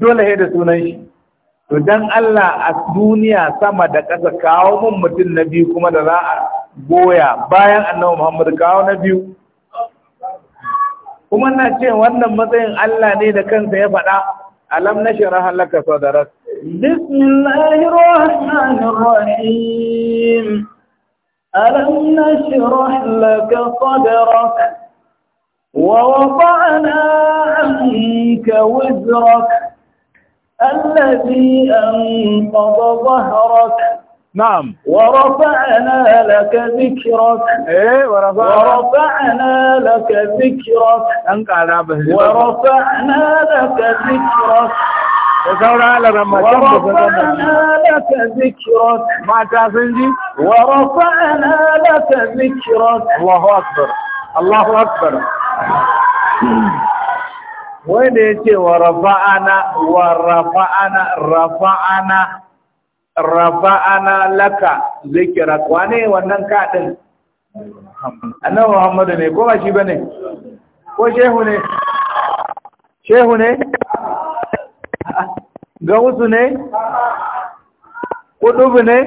B: dole da sunan shi to dan Allah a duniya sama da ƙasa kawo mun mutum na biyu kuma da za a goya bayan annabi Muhammad kawo na biyu kuma na ce wannan matsayin Allah ne da kansa ya faɗa ألم نشرح لك صدرك
A: بسم الله الرحمن الرحيم ألم نشرح لك صدرك ووضعنا عنك وزرك الذي أنقض ظهرك نعم ورفعنا لك ذكرك ايه ورفعنا ورفعنا لك ذكرك على قال ورفعنا لك ذكرك لما ورفعنا لك ذكرك ما تاسنجي ورفعنا لك ذكرك الله اكبر الله اكبر
B: وين يجي ورفعنا ورفعنا رفعنا rafa'ana laka zikira kwane wannan ka din Muhammadu ne ko ba shi bane ko shehu ne
A: shehu ne gawusu ne kudubu ne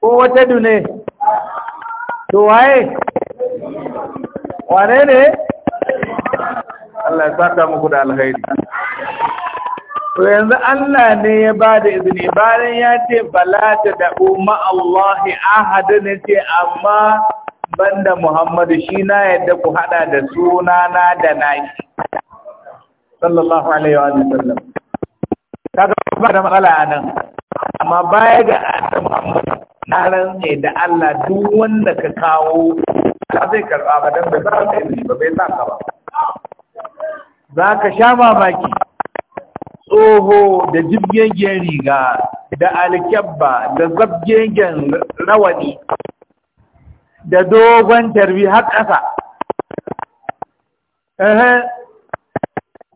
A: ko wata ne to waye wane ne
B: Allah ya saka muku da alheri. to yanzu Allah ne ya ba da izini bayan ya ce bala ta da'u ma'allahi ahada ne ce amma banda Muhammadu shi na yadda ku hada da sunana da yi. sallallahu alaihi wa sallam ga ba da matsala a nan amma baya ga Adam Muhammadu na ne da Allah duk wanda ka kawo ka zai karba ba don bai ba ba bai za ka ba za ka sha mamaki tsoho da jibgegen riga da alkyabba da zabgegen rawani da dogon tarbi har ƙasa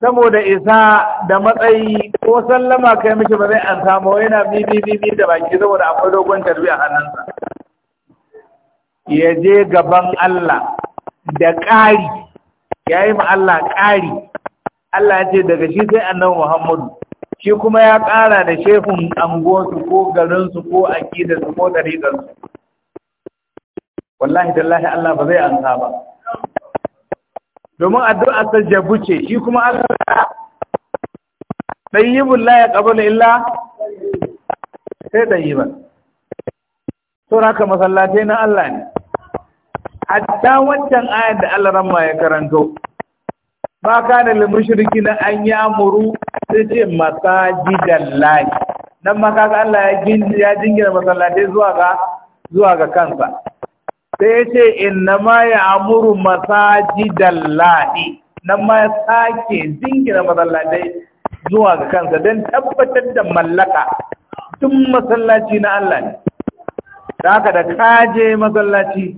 B: saboda isa da matsayi ko sallama kai mishi ba zai an samu yana bibi da baki saboda akwai dogon tarbi a hannunsa ya je gaban Allah da ƙari ya yi ma Allah ƙari Allah ya ce daga shi sai annabi Muhammadu shi kuma ya ƙara da shehun angonsu ko garinsu ko aƙidarsu ko ɗariƙarsu wallahi tallahi Allah ba zai ansa ba domin addu'a ta jabu ce shi kuma Allah tayyibul la yaqbalu illa sai ba. to haka masallatai na Allah ne hatta wancan ayar da Allah ramma ya karanto ba kana lil mushrikina an amuru, sai ce masajidan lahi nan ma kaga Allah ya jingina masallatai zuwa ga zuwa ga kansa sai ya ce innama ya'muru masajidan lahi ma ya sake jingina masallatai zuwa ga kansa don tabbatar da mallaka tun masallaci na Allah ne da haka da kaje masallaci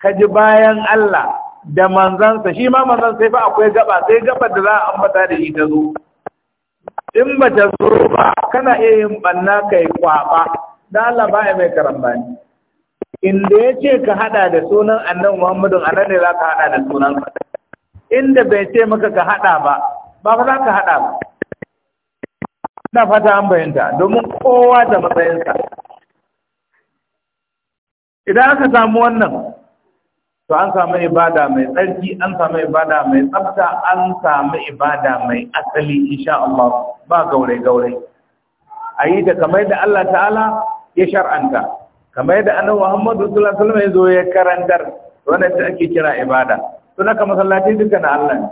B: kaji bayan Allah da manzansa shi ma manzan sai ba akwai gaba sai gaba da za a ambata da ita zo in ba ta zo ba kana iya yin banna kai kwaba da Allah ba ya mai karambani inda ya ce ka hada da sunan annan Muhammadu a ne za ka hada da sunan inda bai ce maka ka hada ba ba ba za ka hada ba na fata an bayanta domin kowa da matsayinsa idan aka samu wannan to an samu ibada mai tsarki an samu ibada mai tsafta an samu ibada mai asali insha Allah ba gaure gaure a yi kamar da Allah ta'ala ya shar'anta kamar da annabi Muhammadu sallallahu alaihi wasallam ya zo ya karantar wannan ta ake kira ibada to naka masallaci duka na Allah ne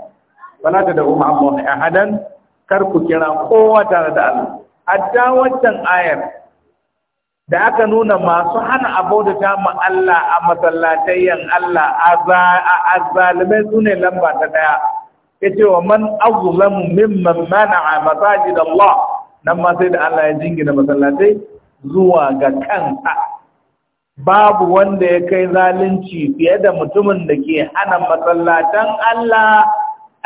B: wala da umma ahadan kar ku kira kowa tare da Allah hatta waccan ayar da aka nuna masu hana da ma Allah a masallatayyan Allah zalimai su ne lamba ta daya ya ce wa man azulamu mimman mana'a da Allah nan ma sai da Allah ya jingina masallatai zuwa ga kansa babu wanda ya kai zalunci fiye da mutumin da ke hana masallatan
A: Allah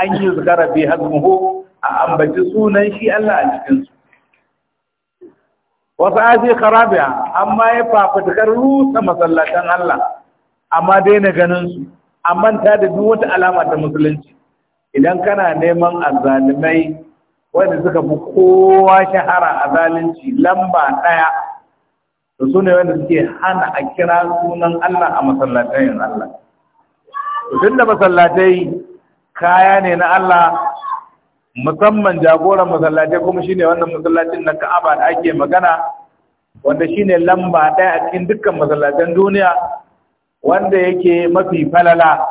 A: an yi zikara bi hazmuhu
B: a ambaci sunan shi Allah a cikinsu wasu aji kharabiya amma ya fafutukar rusa masallatan Allah amma daina ganin su amma manta da duk wata alama ta musulunci idan kana neman azalimai, wanda suka fi kowa shahara a zalunci lamba ɗaya da su ne wanda suke hana a kira sunan Allah a masallatai Allah tun da masallatai kaya ne na Allah musamman jagoran masallaci kuma shine wannan masallacin na Ka'aba da ake magana wanda shine lamba ɗaya a cikin dukkan masallacin duniya wanda yake mafi falala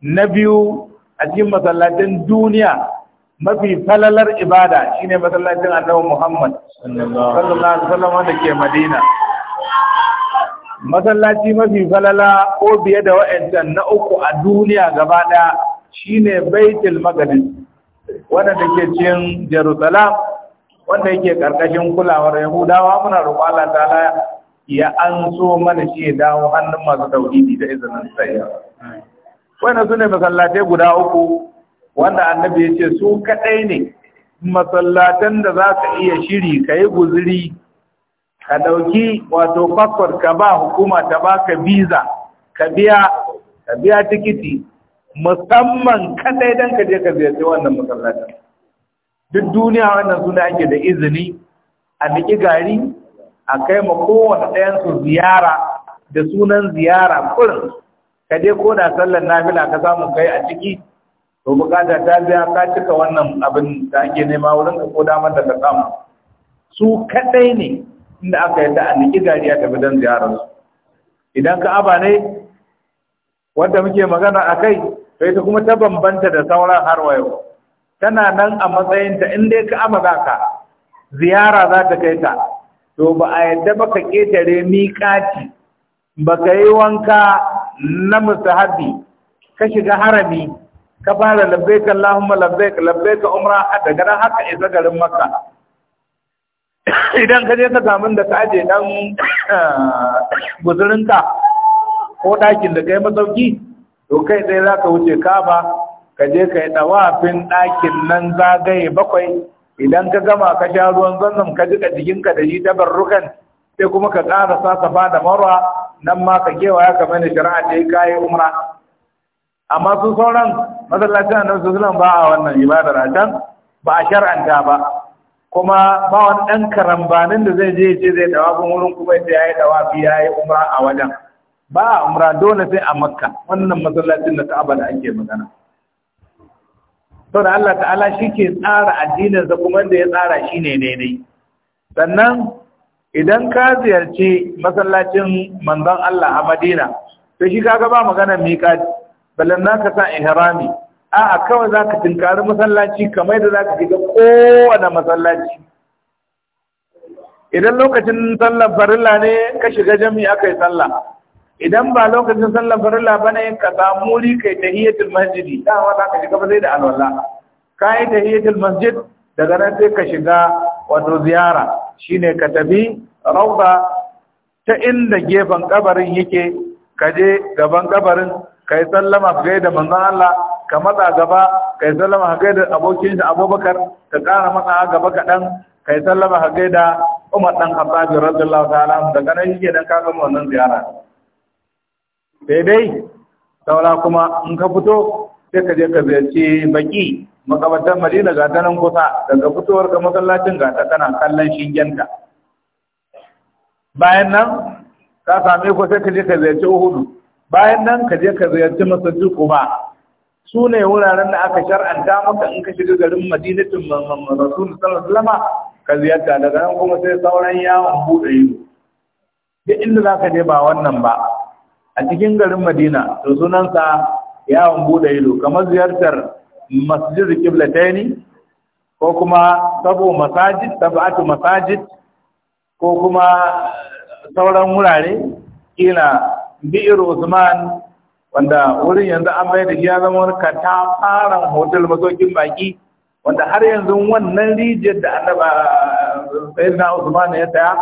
B: na biyu a cikin masallacin duniya mafi falalar ibada shine masallacin Annabi Muhammad sallallahu alaihi wasallam wanda ke Madina masallaci mafi falala ko biye da wa'ancan na uku a duniya gaba ɗaya shine Baitul Maqdis waɗanda ke cikin jerusalem wanda yake ƙarƙashin kulawar yahudawa muna roƙon allah ta'ala ya an so mana shi ya dawo hannun masu tauhidi da izinin sayar wannan su ne masallatai guda uku wanda annabi ya ce su kaɗai ne masallatan da za ka iya shiri ka yi guziri ka ɗauki wato fasfar ka ba hukuma ta baka biza ka biya ka biya tikiti musamman kadai dan ka je ka ziyarci wannan masallacin duk duniya wannan suna ake da izini a niki gari a kai ma kowane ɗayan su ziyara da sunan ziyara kurin ka je ko da sallar nafila ka samu kai a ciki to bukata ta biya ka cika wannan abin da ake nema wurin ka ko damar da ka samu su kadai ne inda aka yi a niki gari a tafi don ziyararsu. idan ka aba ne wanda muke magana a kai sai ta kuma ta bambanta da sauran har wayo tana nan a matsayinta in dai ka amaza ka ziyara za ta kai ta to ba a yadda ba ka ƙetare miƙaci ba ka yi wanka na musahabi ka shiga harami ka fara labbaika Allahumma labbaika labbaika umra daga nan haka isa garin Makka idan ka je ka samu da ka aje ɗan eh, guzurinka ko ɗakin da kai masauki to kai dai za ka wuce kaba ka je ka yi ɗawafin ɗakin nan zagaye bakwai idan ka gama ka sha ruwan zanzan ka jika jikinka da shi tabarrukan sai kuma ka ƙara sa safa da marwa nan ma ka ya kamar da shari'a ta yi kayi umra amma su sauran masallacin annabi sunan ba a wannan ibadar a can ba a shar'anta ba kuma ba wani ɗan karambanin da zai je ce zai ɗawafin wurin kuma ya yi ɗawafi ya yi umra a wajen ba a umra dole sai a makka wannan masallacin da ta abada ake magana to da Allah ta'ala shi ke tsara addinin sa kuma da ya tsara shi ne ne sannan idan ka ziyarci masallacin manzon Allah a Madina to shi kaga ba magana miƙat balanna ka sa ihrami a'a kawai zaka tinkari masallaci kamar da zaka shiga kowane masallaci idan lokacin sallar farilla ne ka shiga jami'a kai sallah idan ba lokacin sallar farilla bane ka samu wuri kai tahiyatul masjidi da wa za ka shiga sai da alwala ka yi tahiyatul masjid daga nan sai ka shiga wato ziyara shine ka tafi rauda ta inda gefen kabarin yake ka je gaban kabarin ka yi sallama gai da manzon Allah ka matsa gaba ka yi sallama gai da abokin shi Abubakar ka ƙara matsa gaba kaɗan ka yi sallama gai da Umar dan Khattab radiyallahu ta'ala daga nan shi dan ka wannan ziyara sai dai saura kuma in ka fito sai ka je ka ziyarci baki makabartar madina ga ta nan kusa daga fitowar ka masallacin ga ta tana kallon shingenta bayan nan ka same ku sai ka je ka ziyarci uhudu bayan nan ka je ka ziyarci masjid kuma. su ne wuraren da aka shar'anta maka in ka shiga garin madinatin rasul sallallahu ka ziyarta daga nan kuma sai sauran yawon buɗe ido duk inda za ka je ba wannan ba a cikin garin madina to sunansa yawon bude ido kamar ziyartar masjid kiblataini ko kuma sabo masajid sab'atu masajid ko kuma sauran wurare kila bi'ir usman wanda wurin yanzu an bai da ya zama wani fara hotel masokin baki wanda har yanzu wannan rijiyar da annaba sayyidina usman ya saya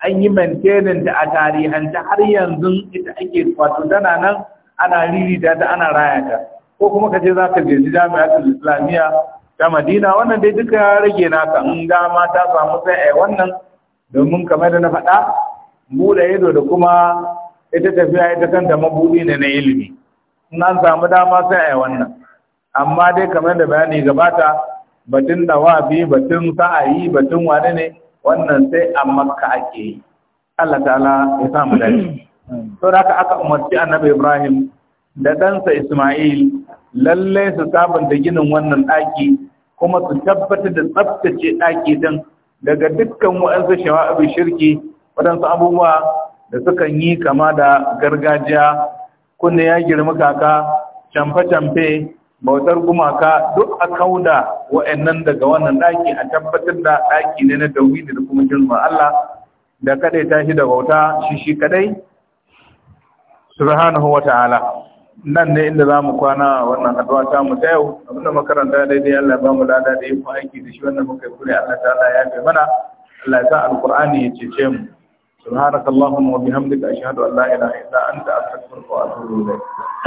B: an yi maintaining da a tarihanta har yanzu ita ake wato tana nan ana ririta ta ana raya ta ko kuma ka ce za ka ziyarci jami'atul islamiyya ta madina wannan dai duka rage naka in dama ta samu sai ai wannan domin kamar da na faɗa buɗe ido da kuma ita tafiya ita kanta mabuɗi ne na ilimi in an samu dama sai ai wannan amma dai kamar da bayani gabata batun dawafi batun sa'ayi batun wane ne wannan sai a makka ake yi Allah ta'ala ya samu dace to hmm. da aka umarci annabi Ibrahim da ɗansa Ismail lalle su sabunta ginin wannan ɗaki kuma su tabbatar da tsabtace ɗaki din daga dukkan waɗansu shawa'abi shirki waɗansu abubuwa da sukan yi kama da gargajiya kunne ya girma kaka camfe-camfe bautar gumaka duk a kauda wa'annan daga wannan ɗaki a tabbatar da ɗaki ne na dawi da kuma jirma Allah da kadai ta shi da bauta shi shi kadai subhanahu wa ta'ala nan ne inda zamu kwana wannan haduwa ta mu ta yau abinda makaranta daidai Allah ba mu lada da yin aiki da shi wannan muka yi kure Allah ta'ala ya kai mana Allah ya sa Al-Qur'ani ya
A: cece mu subhanakallahumma wa bihamdika ashhadu an la ilaha illa anta astaghfiruka wa atubu ilayk